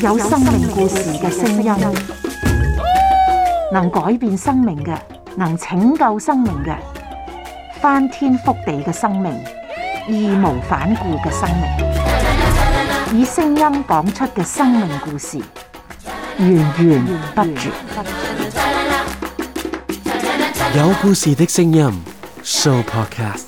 有生命故事嘅聲音，能改變生命嘅，能拯救生命嘅，翻天覆地嘅生命，義無反顧嘅生命，以聲音講出嘅生命故事，源源不絕。有故事嘅聲音，Show Podcast。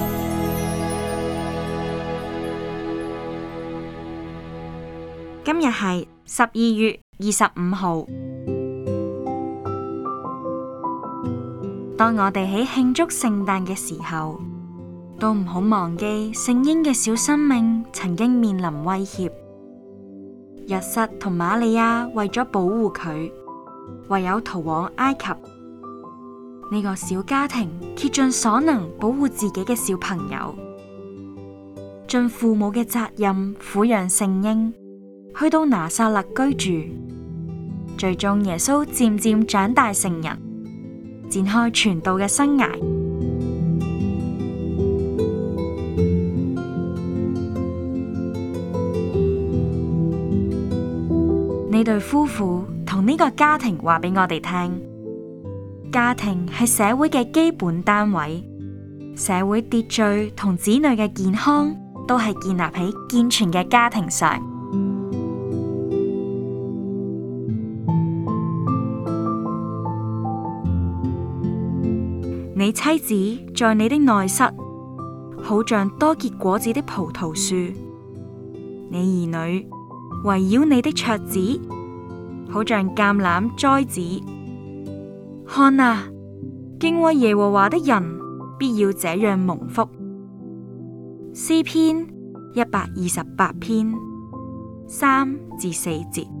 今日係十二月二十五號。當我哋喺慶祝聖誕嘅時候，都唔好忘記聖嬰嘅小生命曾經面臨威脅。約瑟同瑪利亞為咗保護佢，唯有逃往埃及。呢、這個小家庭竭盡所能保護自己嘅小朋友，盡父母嘅責任撫養聖嬰。去到拿撒勒居住，最終耶穌漸漸長大成人，展開傳道嘅生涯。呢 對夫婦同呢個家庭話俾我哋聽：家庭係社會嘅基本單位，社會秩序同子女嘅健康都係建立喺健全嘅家庭上。你妻子在你的內室，好像多結果子的葡萄樹；你兒女圍繞你的桌子，好像橄欖栽子。看啊，敬畏耶和華的人必要這樣蒙福。詩篇一百二十八篇三至四節。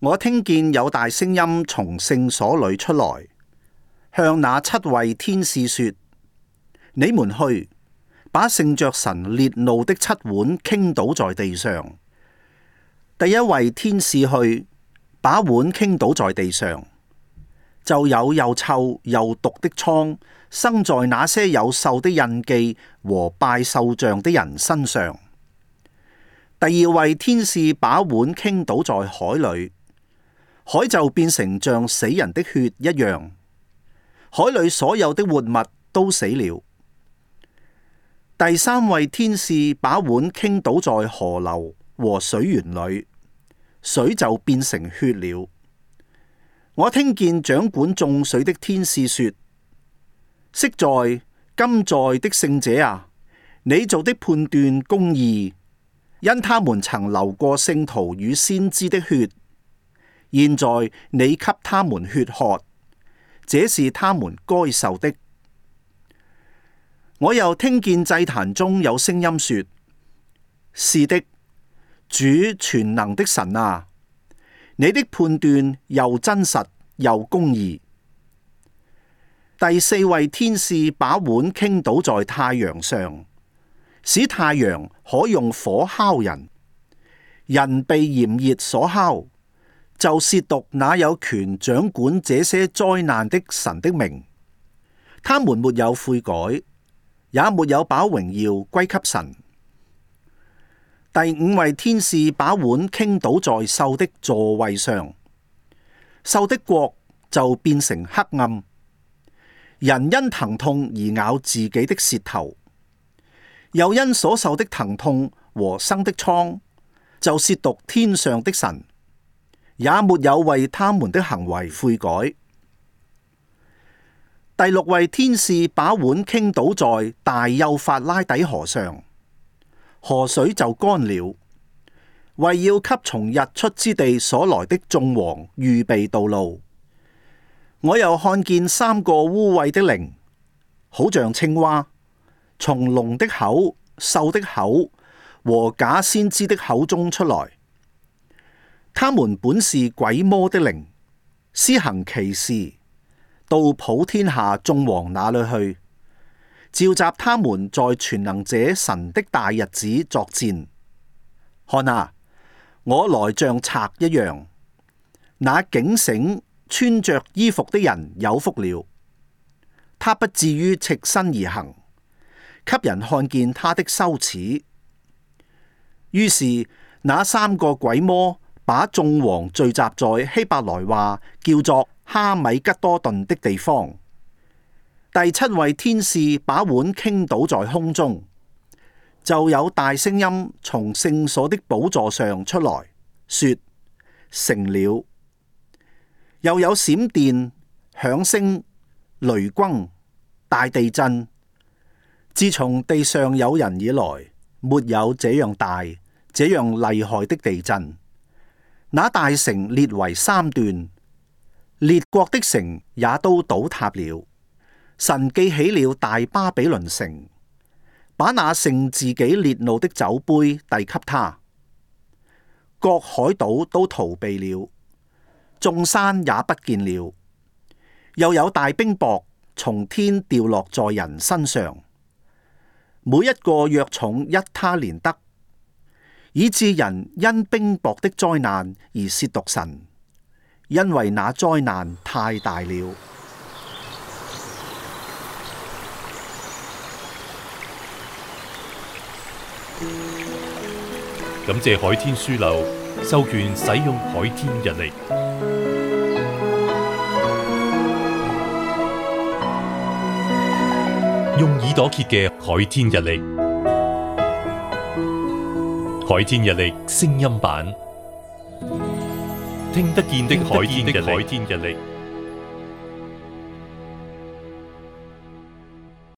我聽見有大聲音從聖所裏出來，向那七位天使說：你們去，把盛着神烈怒的七碗傾倒在地上。第一位天使去，把碗傾倒在地上，就有又臭又毒的瘡生在那些有獸的印記和拜獸像的人身上。第二位天使把碗傾倒在海裏。海就變成像死人的血一樣，海裏所有的活物都死了。第三位天使把碗傾倒在河流和水源裏，水就變成血了。我聽見掌管眾水的天使說：昔在、今在的聖者啊，你做的判斷公義，因他們曾流過聖徒與先知的血。現在你給他們血喝，這是他們該受的。我又聽見祭壇中有聲音說：是的，主全能的神啊，你的判斷又真實又公義。第四位天使把碗傾倒在太陽上，使太陽可用火烤人，人被炎熱所烤。就褻瀆那有權掌管這些災難的神的名，他們沒有悔改，也沒有把榮耀歸給神。第五位天使把碗傾倒在獸的座位上，獸的國就變成黑暗。人因疼痛而咬自己的舌頭，又因所受的疼痛和生的瘡，就褻瀆天上的神。也沒有為他們的行為悔改。第六位天使把碗傾倒在大幼發拉底河上，河水就乾了，為要給從日出之地所來的眾王預備道路。我又看見三個污穢的靈，好像青蛙，從龍的口、獸的口和假先知的口中出來。他們本是鬼魔的靈，施行其事，到普天下眾王那裏去召集他們，在全能者神的大日子作戰。看啊，我來像賊一樣。那警醒穿着衣服的人有福了，他不至於赤身而行，給人看見他的羞恥。於是那三個鬼魔。把眾王聚集在希伯來話叫做哈米吉多頓的地方。第七位天使把碗傾倒在空中，就有大聲音從聖所的寶座上出來，說：成了。又有閃電、響聲、雷轟、大地震。自從地上有人以來，沒有這樣大、這樣厲害的地震。那大城列為三段，列國的城也都倒塌了。神記起了大巴比倫城，把那盛自己烈怒的酒杯遞給他。各海島都逃避了，眾山也不見了。又有大冰雹從天掉落在人身上，每一個約重一他連得。以致人因冰雹的災難而褻瀆神，因為那災難太大了。感謝海天書樓授權使用海天日曆，用耳朵揭嘅海天日曆。海天日曆聲音版，聽得見的海天日曆。